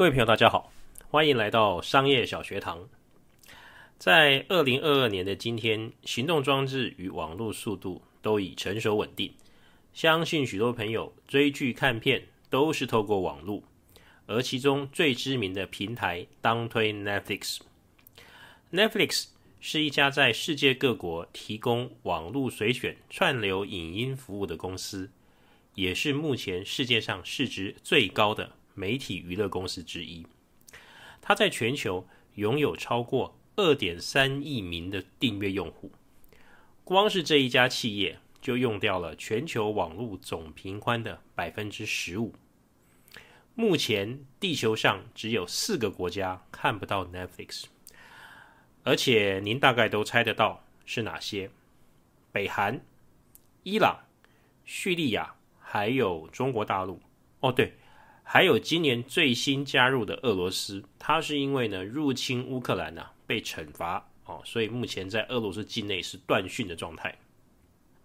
各位朋友，大家好，歡迎來到商業小學堂。在二零二二年的今天，行動裝置與網絡速度都已成熟穩定，相信許多朋友追劇看片都是透過網絡，而其中最知名的平台當推 Netflix。Netflix 是一家在世界各國提供網絡隨選串流影音服務的公司，也是目前世界上市值最高的。媒體娛樂公司之一，它在全球擁有超過二點三億名的訂閱用戶。光是這一家企業就用掉了全球網絡總頻寬的百分之十五。目前地球上只有四個國家看不到 Netflix，而且您大概都猜得到是哪些？北韓、伊朗、敘利亞，還有中國大陸。哦，對。還有今年最新加入的俄羅斯，它是因為呢入侵烏克蘭呢啊被懲罰哦，所以目前在俄羅斯境內是斷訊的狀態。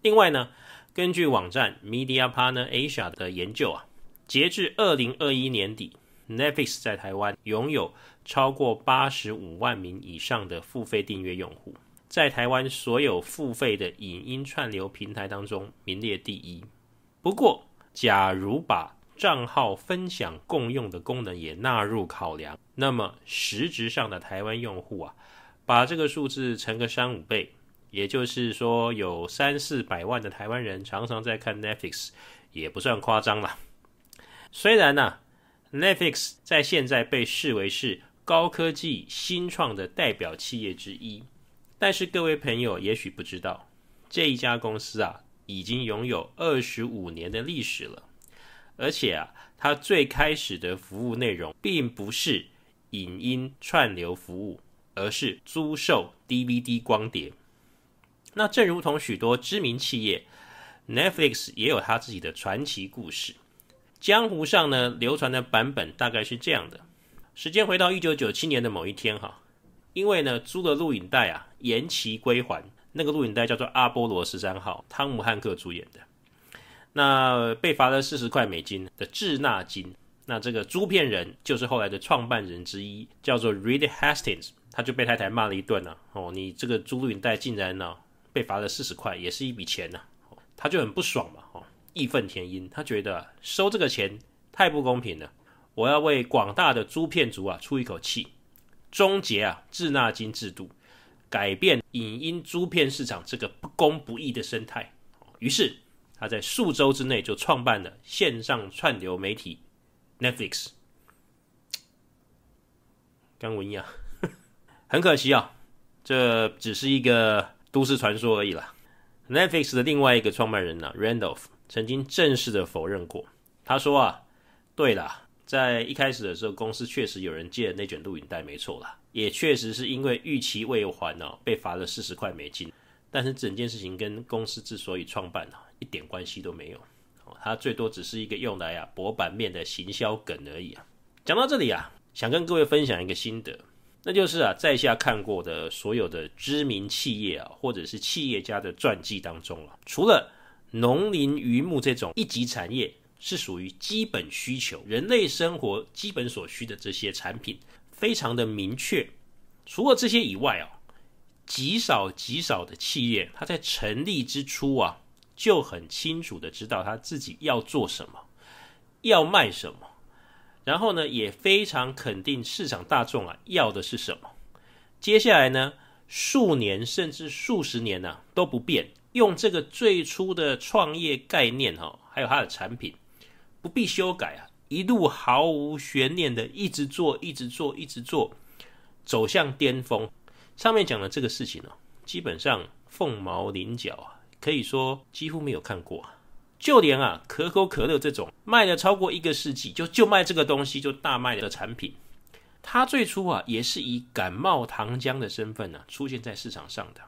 另外呢，根據網站 Media Partner Asia 的研究啊，截至二零二一年底，Netflix 在台灣擁有超過八十五萬名以上的付費訂閱用戶，在台灣所有付費的影音串流平台當中名列第一。不過，假如把賬號分享共用的功能也納入考量。那麼，實質上的台灣用戶啊，把這個數字乘個三五倍，也就是說，有三四百萬的台灣人常常在看 Netflix，也不算誇張啦。雖然呢，啊，Netflix 在現在被視為是高科技新創的代表企業之一，但是各位朋友也許不知道，這一家公司啊，已經擁有二十五年的歷史了。而且啊，他最開始的服務內容並不是影音串流服務，而是租售 DVD 光碟。那正如同許多知名企業，Netflix 也有他自己的傳奇故事。江湖上呢流傳的版本大概是這樣的：時間回到一九九七年的某一天哈，因為呢租了錄影帶啊延期歸還，那個錄影帶叫做《阿波羅十三號》，湯姆漢克主演的。那被罰了四十塊美金的滯納金，那這個租片人就是後來的創辦人之一，叫做 Reed Hastings，他就被太太罵了一頓了、啊、哦，你這個租錄影帶竟然啊被罰了四十塊，也是一筆錢吶、啊哦。他就很不爽嘛，哦，義憤填膺，他覺得、啊、收這個錢太不公平了，我要為廣大的租片族啊出一口氣，終結啊滯納金制度，改變影音租片市場這個不公不義的生態。於是。他在數週之內就創辦了線上串流媒體 Netflix，跟我一樣，很可惜啊、哦，這只是一個都市傳說而已啦。Netflix 的另外一個創辦人啊 Randolph 曾經正式的否認過，他說啊，對了，在一開始的時候，公司確實有人借了那卷錄影帶，沒錯啦，也確實是因為逾期未還呢、啊，被罰了四十塊美金，但是整件事情跟公司之所以創辦呢、啊。一點關係都沒有，它最多只是一個用來啊搏版面的行銷梗而已啊。講到這裡啊，想跟各位分享一個心得，那就是啊，在下看過的所有的知名企業啊，或者是企業家的傳記當中啊，除了農林漁牧這種一級產業是屬於基本需求，人類生活基本所需的這些產品，非常的明確。除了這些以外啊，極少極少的企業，它在成立之初啊。就很清楚的知道他自己要做什麼，要賣什麼，然後呢也非常肯定市場大眾啊要的是什麼。接下來呢數年甚至數十年呢、啊、都不變，用這個最初的創業概念哈、啊，還有它的產品，不必修改啊，一路毫無懸念的一直做，一直做，一直做，一直做，走向巔峰。上面講的這個事情呢、啊，基本上鳳毛麟角啊。可以說幾乎沒有看過、啊，就連啊可口可樂這種賣了超過一個世紀就就賣這個東西就大賣的產品，它最初啊也是以感冒糖漿的身份呢、啊、出現在市場上的。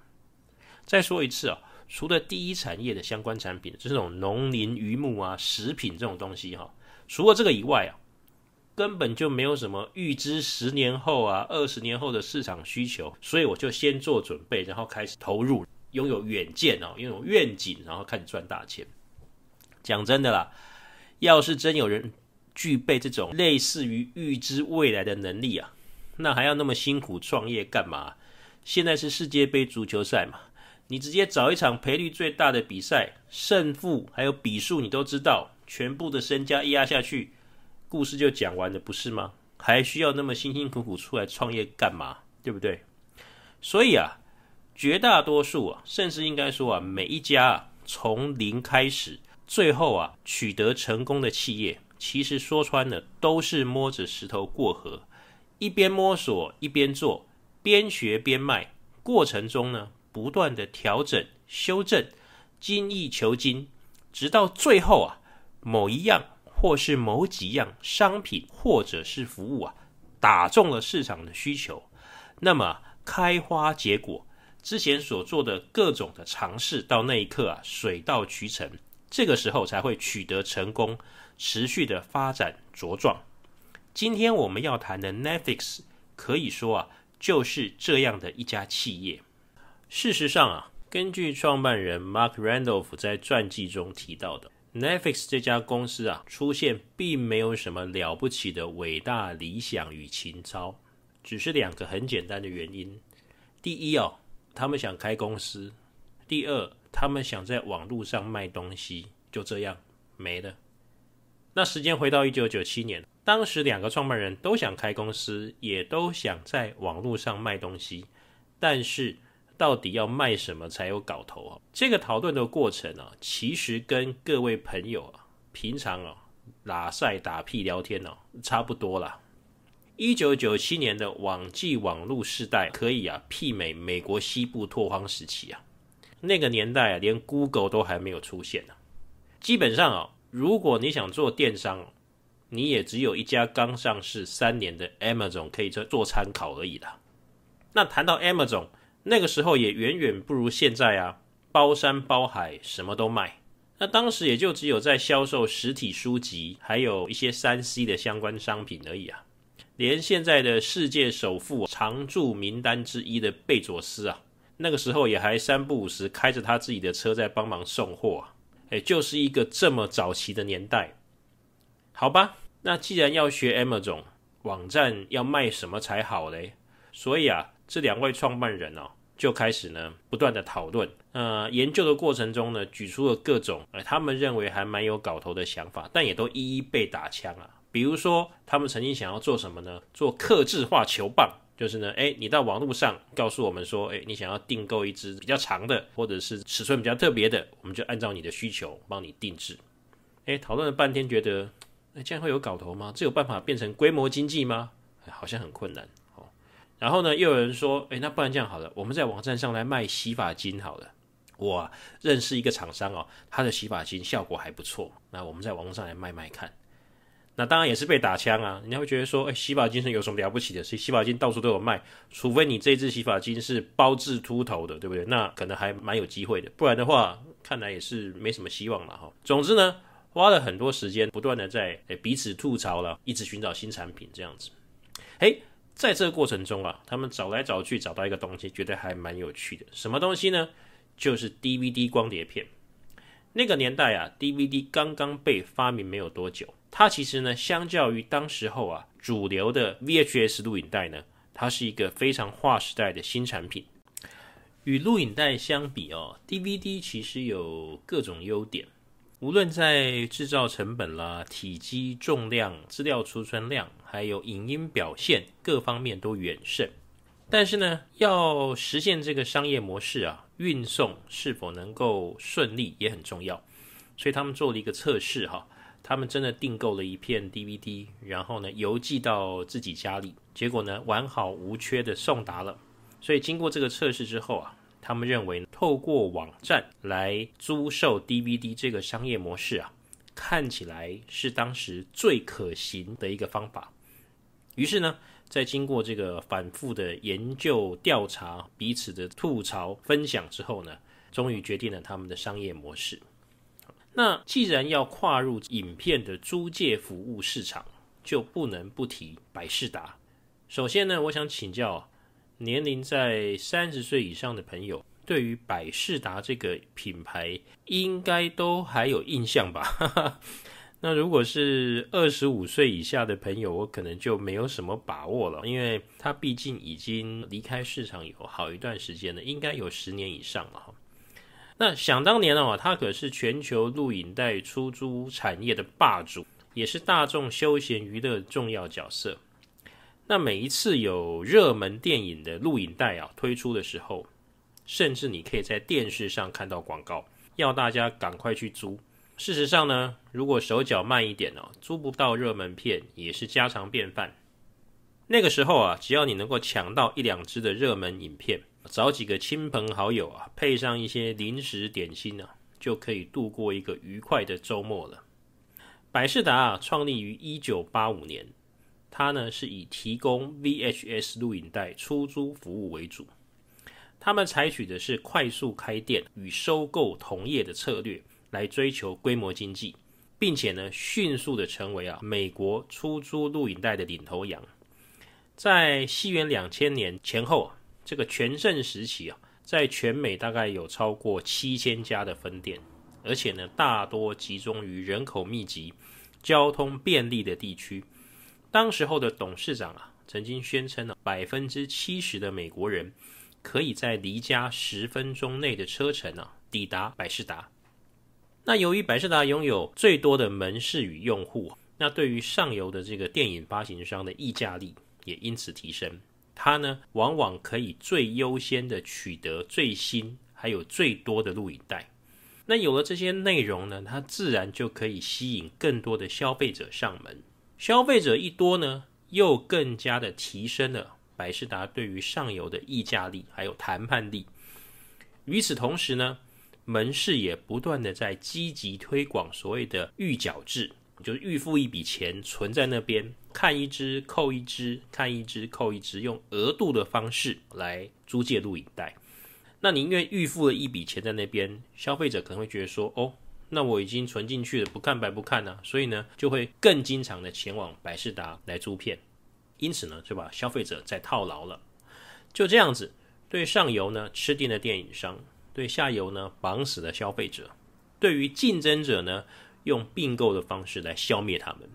再說一次啊，除了第一產業的相關產品，就是這種農林漁牧啊、食品這種東西哈、啊，除了這個以外啊，根本就沒有什麼預知十年後啊、二十年後的市場需求，所以我就先做準備，然後開始投入。擁有遠見哦，擁有願景，然後開始賺大錢。講真的啦，要是真有人具備這種類似於預知未來的能力啊，那還要那麼辛苦創業幹嘛？現在是世界杯足球賽嘛，你直接找一場賠率最大的比賽，勝負還有比數你都知道，全部的身家一壓下去，故事就講完了，不是嗎？還需要那麼辛辛苦苦出來創業幹嘛？對不對？所以啊。絕大多數啊，甚至應該說啊，每一家啊從零開始，最後啊取得成功的企業，其實說穿了都是摸着石頭過河，一邊摸索一邊做，邊學邊賣，過程中呢不斷地調整修正，精益求精，直到最後啊某一樣或是某幾樣商品或者是服務啊打中了市場的需求，那麼啊，開花結果。之前所做的各種的嘗試，到那一刻啊，水到渠成，這個時候才會取得成功，持續的發展茁壯。今天我們要談的 Netflix，可以說啊，就是這樣的一家企業。事實上啊，根據創辦人 Mark Randolph 在傳記中提到的，Netflix 這家公司啊，出現並沒有什麼了不起的偉大理想與情操，只是兩個很簡單的原因。第一哦。他們想開公司，第二，他們想在網路上賣東西，就這樣沒了。那時間回到一九九七年，當時兩個創辦人都想開公司，也都想在網路上賣東西，但是到底要賣什麼才有搞頭啊？這個討論的過程呢、啊，其實跟各位朋友啊平常啊拉塞打，打屁聊天哦、啊、差不多啦。一九九七年的網際網路時代，可以啊，媲美美國西部拓荒時期啊。那個年代啊，連 Google 都還沒有出現呢，啊。基本上啊，如果你想做電商，你也只有一家剛上市三年的 Amazon 可以做做參考而已啦。那談到 Amazon，那個時候也遠遠不如現在啊，包山包海什麼都賣。那當時也就只有在銷售實體書籍，還有一些三 C 的相關商品而已啊。連現在的世界首富、啊、常駐名單之一的貝佐斯啊，那個時候也還三不五時開着他自己的車在幫忙送貨啊，哎、就是一個這麼早期的年代，好吧？那既然要學 Amazon 網站要賣什麼才好嘞？所以啊，這兩位創辦人哦、啊，就開始呢不斷的討論，呃，研究的過程中呢，舉出了各種呃、哎、他們認為還蠻有搞頭的想法，但也都一一被打槍啊。比如說，他們曾經想要做什麼呢？做客製化球棒，就是呢，哎，你到網絡上告訴我們說，哎，你想要訂購一支比較長的，或者是尺寸比較特別的，我們就按照你的需求幫你定制。哎，討論了半天，覺得那這樣會有搞頭嗎？這有辦法變成規模經濟嗎？好像很困難哦。然後呢，又有人說，哎，那不然這樣好了，我們在網站上來賣洗髮精好了。我認識一個廠商哦，他的洗髮精效果還不錯，那我們在網絡上來賣賣看。那當然也是被打槍啊！人家會覺得說：“哎、欸，洗髮精是有什麼了不起的？洗洗髮精到處都有賣，除非你這支洗髮精是包治禿頭的，對不對？那可能還蠻有機會的。不然的話，看來也是沒什麼希望了哈。總之呢，花了很多時間，不斷的在彼此吐槽了，一直尋找新產品，這樣子。哎、欸，在這個過程中啊，他們找來找去找到一個東西，覺得還蠻有趣的。什麼東西呢？就是 DVD 光碟片。那個年代啊，DVD 剛剛被發明沒有多久。它其實呢，相較於當時候啊，主流的 VHS 錄影帶呢，它是一個非常劃時代的新產品。與錄影帶相比哦，DVD 其實有各種優點，無論在製造成本啦、體積、重量、資料儲存量，還有影音表現各方面都遠勝。但是呢，要實現這個商業模式啊，運送是否能夠順利也很重要，所以他們做了一個測試哈。他們真的訂購了一片 DVD，然後呢郵寄到自己家裡，結果呢完好無缺的送達了。所以經過這個測試之後啊，他們認為透過網站來租售 DVD 這個商業模式啊，看起來是當時最可行的一個方法。於是呢，在經過這個反覆的研究、調查、彼此的吐槽分享之後呢，終於決定了他們的商業模式。那既然要跨入影片的租借服務市場，就不能不提百視達。首先呢，我想請教年齡在三十歲以上的朋友，對於百視達這個品牌應該都還有印象吧？ 那如果是二十五歲以下的朋友，我可能就沒有什麼把握了，因為他畢竟已經離開市場有好一段時間了，應該有十年以上了。那想當年哦，它可是全球錄影帶出租產業的霸主，也是大眾休閒娛樂的重要角色。那每一次有熱門電影的錄影帶啊推出的時候，甚至你可以在電視上看到廣告，要大家趕快去租。事實上呢，如果手腳慢一點哦，租不到熱門片也是家常便飯。那個時候啊，只要你能夠搶到一兩支的熱門影片，找幾個親朋好友啊，配上一些零食點心呢、啊，就可以度過一個愉快的周末了。百視達啊，創立於一九八五年，它呢是以提供 VHS 錄影帶出租服務為主。他們採取的是快速開店與收購同業的策略來追求規模經濟，並且呢迅速的成為啊美國出租錄影帶的領頭羊。在西元兩千年前後、啊。這個全盛時期啊，在全美大概有超過七千家的分店，而且呢，大多集中於人口密集、交通便利的地區。當時候的董事長啊，曾經宣稱呢、啊，百分之七十的美國人可以在離家十分鐘內的車程呢、啊，抵達百視達。那由於百視達擁有最多的門市與用戶，那對於上游的這個電影發行商的議價力也因此提升，它呢，往往可以最優先的取得最新還有最多的錄影帶。那有了這些內容呢，它自然就可以吸引更多的消費者上門。消費者一多呢，又更加的提升了百視達對於上游的議價力還有談判力。與此同時呢，門市也不斷的在積極推廣所謂的預繳制。就是預付一筆錢存在那邊，看一支、扣一支、看一支、扣一支，用額度的方式來租借錄影帶。那你因為預付了一筆錢在那邊，消費者可能會覺得說：“哦，那我已經存進去了，不看白不看呢、啊。”所以呢，就會更經常的前往百視達來租片。因此呢，就把消費者再套牢了。就這樣子，對上游呢吃定了電影商，對下游呢綁死了消費者，對於競爭者呢，用併購的方式來消滅他們，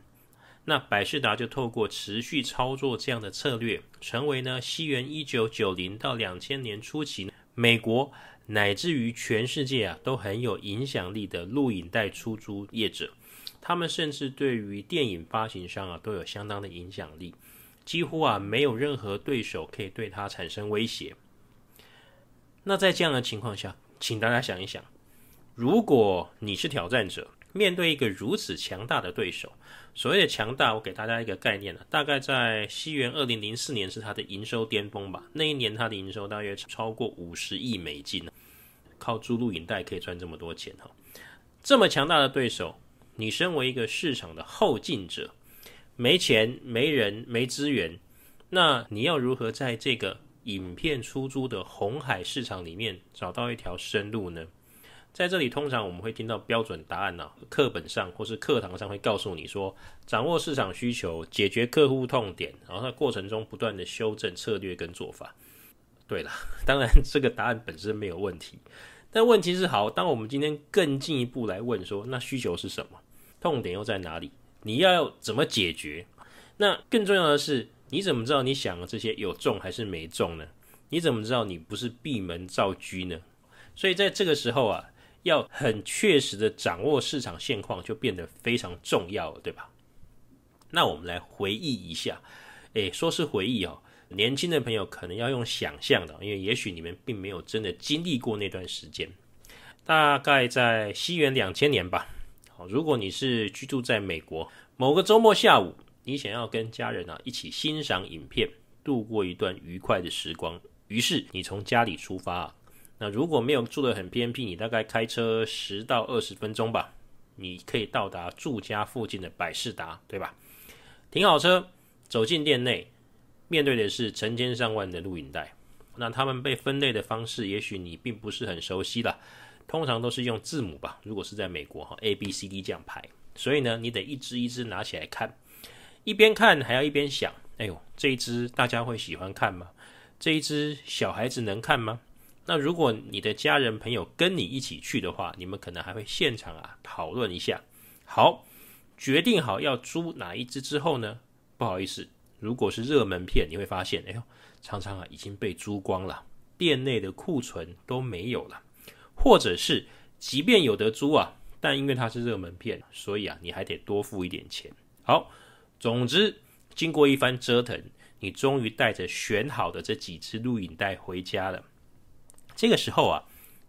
那百視達就透過持續操作這樣的策略，成為呢西元一九九零到兩千年初期，美國乃至於全世界啊都很有影響力的錄影帶出租業者，他們甚至對於電影發行商啊都有相當的影響力，幾乎啊沒有任何對手可以對他產生威脅。那在這樣的情況下，請大家想一想，如果你是挑戰者。面對一個如此強大的對手，所謂的強大，我給大家一個概念啊，大概在西元二零零四年是他的營收巔峰吧。那一年他的營收大約超過五十億美金，靠租錄影帶可以賺這麼多錢哈？這麼強大的對手，你身為一個市場的後進者，沒錢、沒人、沒資源，那你要如何在這個影片出租的紅海市場裡面找到一條生路呢？在這裡，通常我們會聽到標準答案啊，課本上或是課堂上會告訴你說，掌握市場需求，解決客戶痛點，然後在過程中不斷的修正策略跟做法。對了，當然這個答案本身沒有問題，但問題是好，當我們今天更進一步來問說，那需求是什麼？痛點又在哪裡？你要怎麼解決？那更重要的是，你怎麼知道你想的這些有中還是沒中呢？你怎麼知道你不是閉門造車呢？所以在這個時候啊。要很確實的掌握市場現況，就變得非常重要了，對吧？那我們來回憶一下，誒，說是回憶哦，年輕的朋友可能要用想象的，因為也許你們並沒有真的經歷過那段時間。大概在西元兩千年吧。好，如果你是居住在美國，某個周末下午，你想要跟家人呢、啊，一起欣賞影片，度過一段愉快的時光，於是你從家裡出發、啊。那如果沒有住的很偏僻，你大概開車十到二十分鐘吧，你可以到達住家附近的百視達，對吧？停好車，走進店內，面對的是成千上萬的錄影帶。那他們被分類的方式，也許你並不是很熟悉啦，通常都是用字母吧，如果是在美國哈，A、B、C、D 這樣排。所以呢，你得一支一支拿起來看，一邊看還要一邊想，哎呦，這一支大家會喜歡看嗎？這一支小孩子能看嗎？那如果你的家人朋友跟你一起去的話，你們可能還會現場啊討論一下。好，決定好要租哪一支之後呢，不好意思，如果是熱門片，你會發現，哎呦，常常啊已經被租光了，店內的庫存都沒有了，或者是即便有得租啊，但因為它是熱門片，所以啊你還得多付一點錢。好，總之經過一番折騰，你終於帶着選好的這幾支錄影帶回家了。這個時候啊，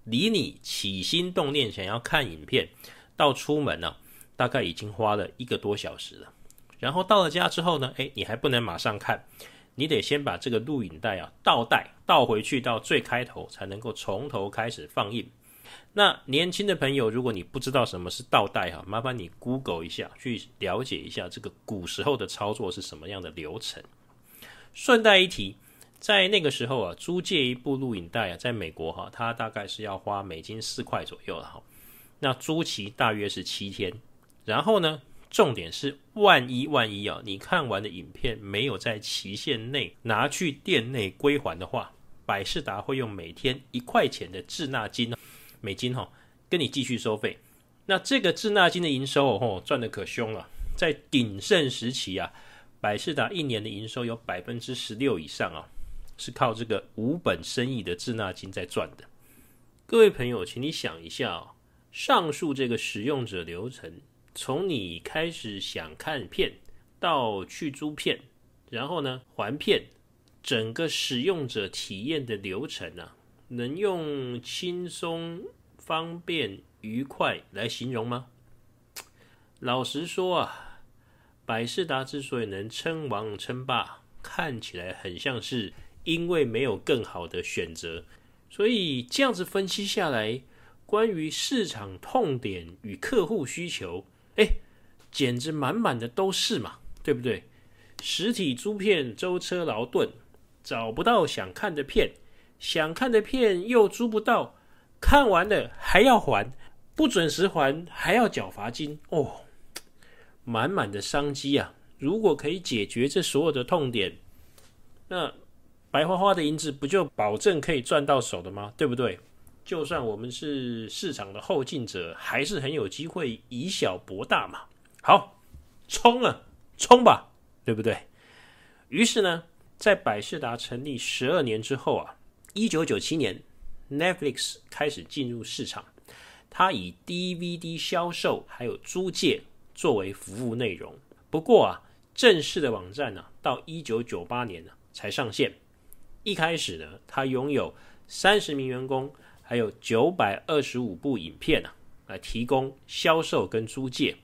離你起心動念想要看影片，到出門呢、啊，大概已經花了一個多小時了。然後到了家之後呢，哎，你還不能馬上看，你得先把這個錄影帶啊倒帶倒回去到最開頭，才能夠從頭開始放映。那年輕的朋友，如果你不知道什麼是倒帶哈、啊，麻煩你 Google 一下，去了解一下這個古時候的操作是什麼樣的流程。順帶一提。在那個時候啊，租借一部錄影帶啊，在美國哈、啊，它大概是要花美金四塊左右了、啊、哈。那租期大約是七天，然後呢，重點是萬一萬一啊，你看完的影片沒有在期限內拿去店內歸還的話，百視達會用每天一塊錢的滯納金，美金哈、啊，跟你繼續收費。那這個滯納金的營收哦、啊，賺得可兇了、啊。在鼎盛時期啊，百視達一年的營收有百分之十六以上啊。是靠這個無本生意的滯納金在賺的。各位朋友，請你想一下哦，上述這個使用者流程，從你開始想看片到去租片，然後呢，還片，整個使用者體驗的流程啊，能用輕鬆、方便、愉快來形容嗎？老實說啊，百視達之所以能稱王稱霸，看起來很像是。因為沒有更好的選擇，所以這樣子分析下來，關於市場痛點與客戶需求，哎，簡直滿滿的都是嘛，對不對？實體租片舟車勞頓，找不到想看的片，想看的片又租不到，看完了還要還，不準時還還要繳罰金哦，滿滿的商機啊！如果可以解決這所有的痛點，那。白花花的銀子不就保證可以賺到手的嗎？對不對？就算我們是市場的後進者，還是很有機會以小博大嘛。好，衝啊，衝吧，對不對？於是呢，在百視達成立十二年之後啊，一九九七年，Netflix 開始進入市場，它以 DVD 銷售還有租借作為服務內容。不過啊，正式的網站呢，啊，到一九九八年，啊，才上線。一開始呢，他擁有三十名員工，還有九百二十五部影片啊，來提供銷售跟租借。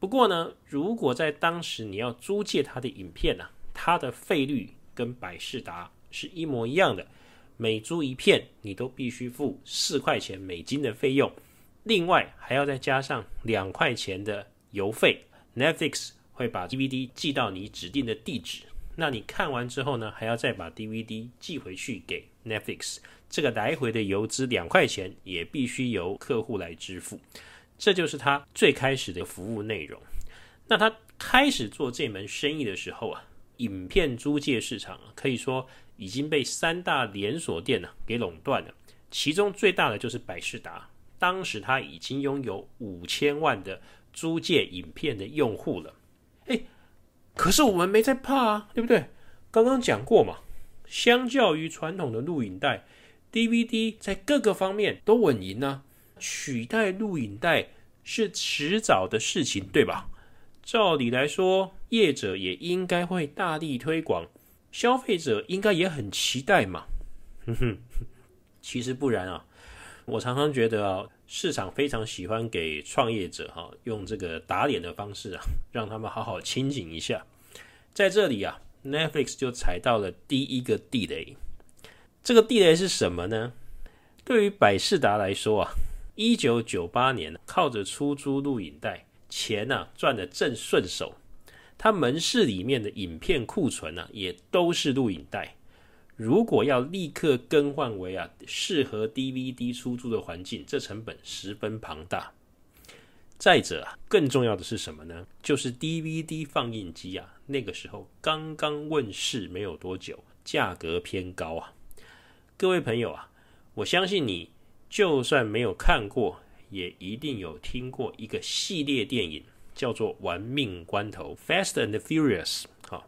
不過呢，如果在當時你要租借他的影片呢、啊，他的費率跟百視達是一模一樣的，每租一片你都必須付四塊錢美金的費用，另外還要再加上兩塊錢的郵費。Netflix 會把 DVD 寄到你指定的地址。那你看完之後呢，還要再把 DVD 寄回去給 Netflix，這個來回的郵資兩塊錢也必須由客戶來支付。這就是他最開始的服務內容。那他開始做這門生意的時候啊，影片租借市場啊，可以說已經被三大連鎖店呢、啊、給壟斷了，其中最大的就是百視達。當時他已經擁有五千萬的租借影片的用戶了、欸，誒可是我們沒在怕啊，對不對？剛剛講過嘛，相較於傳統的錄影帶，DVD 在各個方面都穩贏吶、啊，取代錄影帶是遲早的事情，對吧？照理來說，業者也應該會大力推廣，消費者應該也很期待嘛。哼哼，其實不然啊，我常常覺得啊，市場非常喜歡給創業者哈、啊、用這個打臉的方式啊，讓他們好好清醒一下。在這裡啊，Netflix 就踩到了第一個地雷。這個地雷是什麼呢？對於百視達來說啊，一九九八年靠着出租錄影帶，錢啊賺得正順手。他門市裡面的影片庫存啊，也都是錄影帶。如果要立刻更換為啊適合 DVD 出租的環境，這成本十分龐大。再者啊，更重要的是什麼呢？就是 DVD 放映機啊，那個時候剛剛問世沒有多久，價格偏高啊。各位朋友啊，我相信你就算沒有看過，也一定有聽過一個系列電影，叫做《玩命關頭》（Fast and Furious）。哦，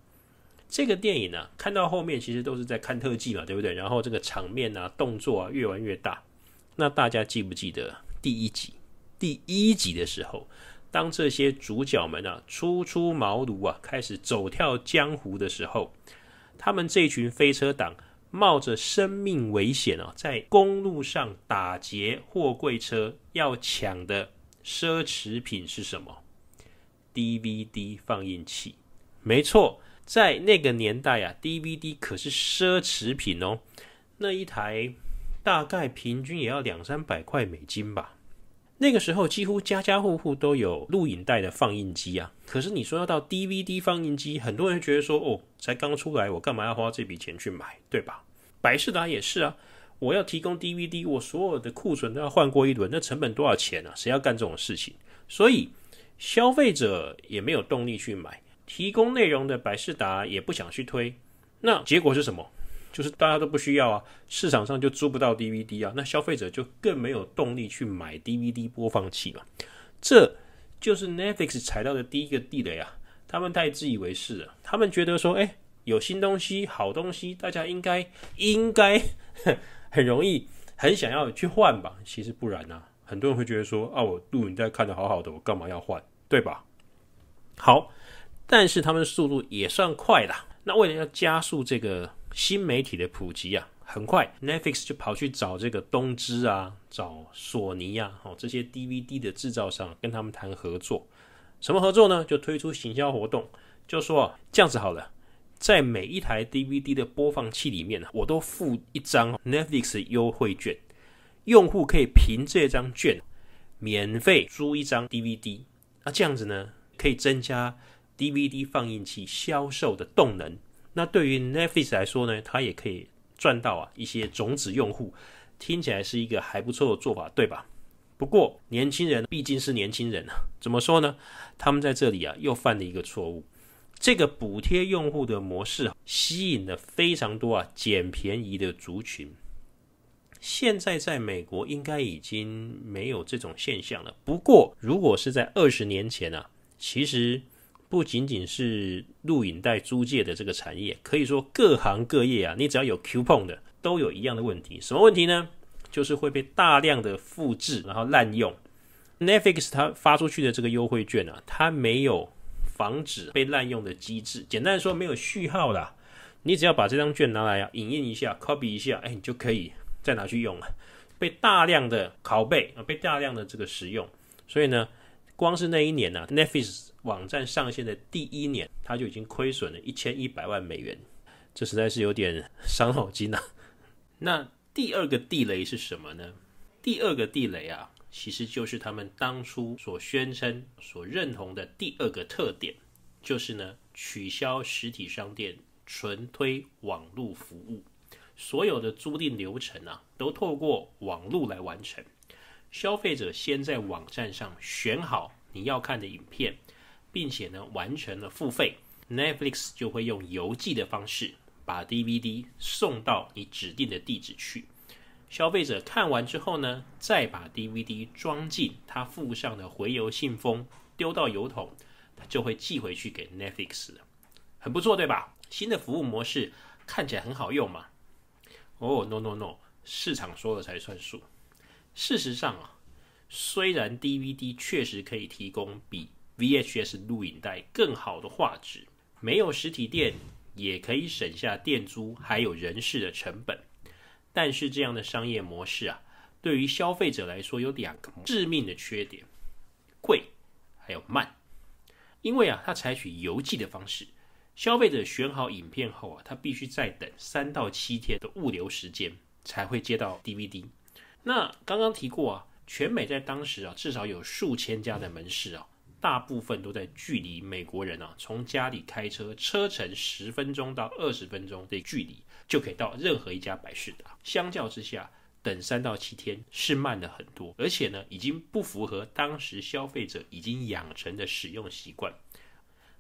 這個電影呢，啊，看到後面其實都是在看特技嘛，對不對？然後這個場面啊、動作啊越玩越大。那大家記不記得第一集？第一集的時候，當這些主角們啊初出茅廬啊，開始走跳江湖的時候，他們這群飛車黨冒着生命危險啊，在公路上打劫貨櫃車，要搶的奢侈品是什麼？DVD 放映器，沒錯，在那個年代啊，DVD 可是奢侈品哦，那一台大概平均也要兩三百塊美金吧。那個時候幾乎家家戶戶都有錄影帶的放映機啊，可是你說要到 DVD 放映機，很多人覺得說，哦，才剛出來，我幹嘛要花這筆錢去買，對吧？百視達也是啊，我要提供 DVD，我所有的庫存都要換過一輪，那成本多少錢呢，啊？誰要幹這種事情？所以消費者也沒有動力去買，提供內容的百視達也不想去推，那結果是什麼？就是大家都不需要啊，市場上就租不到 DVD 啊，那消費者就更沒有動力去買 DVD 播放器嘛。這就是 Netflix 踩到的第一個地雷啊。他們太自以為是了，他們覺得說，誒、欸、有新東西、好東西，大家應該應該很容易、很想要去換吧？其實不然吶、啊。很多人會覺得說，啊，我錄影帶看得好好的，我幹嘛要換？對吧？好，但是他們速度也算快啦。那為了要加速這個。新媒體的普及啊，很快 Netflix 就跑去找這個東芝啊，找索尼呀、啊，哦，這些 DVD 的製造商跟他們談合作。什麼合作呢？就推出行銷活動，就說這樣子好了，在每一台 DVD 的播放器裡面呢，我都附一張 Netflix 優惠券，用戶可以憑這張券免費租一張 DVD。那這樣子呢，可以增加 DVD 放映器銷售的動能。那對於 Netflix 來說呢，它也可以賺到啊一些種子用戶，聽起來是一個還不錯的做法，對吧？不過年輕人畢竟是年輕人啊，怎麼說呢？他們在這裡啊又犯了一個錯誤，這個補貼用戶的模式啊，吸引了非常多啊撿便宜的族群。現在在美國應該已經沒有這種現象了。不過如果是在二十年前啊，其實。不僅僅是錄影帶租借的這個產業，可以說各行各業啊，你只要有 coupon 的，都有一樣的問題。什麼問題呢？就是會被大量的複製，然後濫用。Netflix 它發出去的這個優惠券啊，它沒有防止被濫用的機制。簡單說，沒有序號啦。你只要把這張券拿來啊，影印一下，copy 一下，哎，你就可以再拿去用了。被大量的拷貝啊，被大量的這個使用。所以呢，光是那一年啊 n e t f l i x 網站上線的第一年，它就已經虧損了一千一百萬美元，這實在是有點傷腦筋吶。那第二個地雷是什麼呢？第二個地雷啊，其實就是他們當初所宣稱、所認同的第二個特點，就是呢，取消實體商店，純推網絡服務，所有的租賃流程啊，都透過網絡來完成。消費者先在網站上選好你要看的影片。並且呢，完成了付費，Netflix 就會用郵寄的方式把 DVD 送到你指定的地址去。消費者看完之後呢，再把 DVD 裝進他附上的回郵信封，丟到郵筒，他就會寄回去給 Netflix 了。很不錯，對吧？新的服務模式看起來很好用嘛？哦，oh，no no no，市場說了才算數。事實上啊，雖然 DVD 確實可以提供比…… VHS 錄影帶更好的畫質，沒有實體店也可以省下店租還有人事的成本。但是這樣的商業模式啊，對於消費者來說有兩個致命的缺點：貴還有慢。因為啊，他採取郵寄的方式，消費者選好影片後啊，他必須再等三到七天的物流時間才會接到 DVD。那剛剛提過啊，全美在當時啊，至少有數千家的門市啊。大部分都在距離美國人啊，從家裡開車，車程十分鐘到二十分鐘的距離，就可以到任何一家百視達。相較之下，等三到七天是慢了很多，而且呢，已經不符合當時消費者已經養成的使用習慣。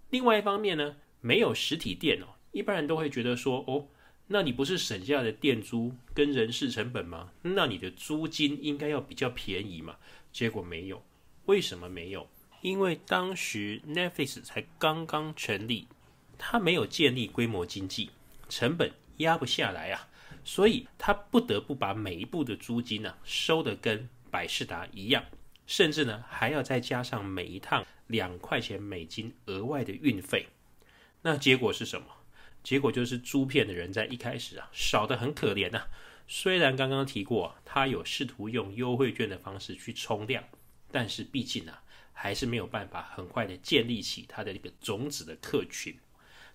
另外一方面呢，沒有實體店哦，一般人都會覺得說：“哦，那你不是省下的店租跟人事成本嗎？那你的租金應該要比較便宜嘛？”結果沒有，為什麼沒有？因為當時 Netflix 才剛剛成立，它沒有建立規模經濟，成本壓不下來啊，所以它不得不把每一部的租金呢、啊、收得跟百視達一樣，甚至呢還要再加上每一趟兩塊錢美金額外的運費。那結果是什麼？結果就是租片的人在一開始啊少得很可憐吶、啊。雖然剛剛提過、啊，他有試圖用優惠券的方式去衝量，但是畢竟啊。還是沒有辦法很快的建立起它的一個種子的客群。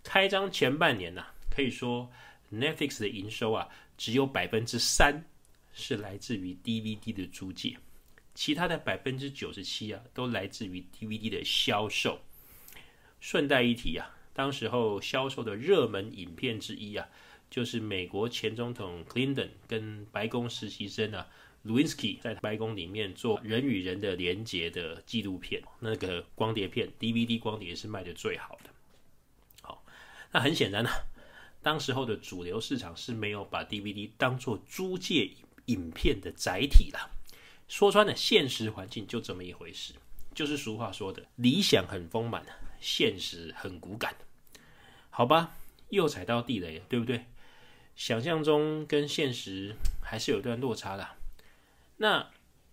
開張前半年呢，啊，可以說 Netflix 的營收啊，只有百分之三是來自於 DVD 的租借，其他的百分之九十七啊，都來自於 DVD 的銷售。順帶一提啊，當時候銷售的熱門影片之一啊，就是美國前總統 Clinton 跟白宮實習生啊。Lewinsky 在白宮裡面做人與人的連接的紀錄片，那個光碟片 DVD 光碟是賣的最好的。好，那很顯然呢、啊，當時候的主流市場是沒有把 DVD 當做租借影片的載體了。說穿了，現實環境就這麼一回事，就是俗話說的“理想很豐滿，現實很骨感”。好吧，又踩到地雷了，對不對？想象中跟現實還是有一段落差的。那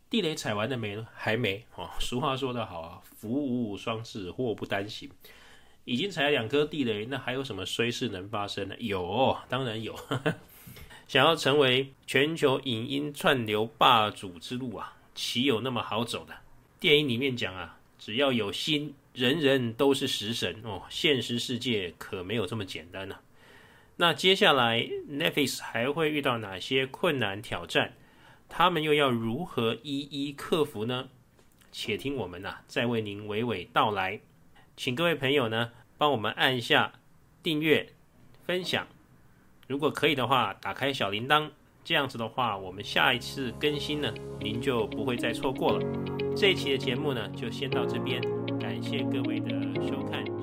地雷踩完了沒呢？還沒哦。俗話說得好啊，福無雙至，禍不單行。已經踩了兩顆地雷，那還有什麼衰事能發生呢？有、哦，當然有。 想要成為全球影音串流霸主之路啊，豈有那麼好走的？電影裡面講啊，只要有心，人人都是食神哦。現實世界可沒有這麼簡單吶、啊。那接下來 Netflix 還會遇到哪些困難挑戰？他們又要如何一一克服呢？且聽我們吶、啊，再為您娓娓道來。請各位朋友呢，幫我們按一下訂閱、分享。如果可以的話，打開小鈴鐺，這樣子的話，我們下一次更新呢，您就不會再錯過了。這一期的節目呢，就先到這邊，感謝各位的收看。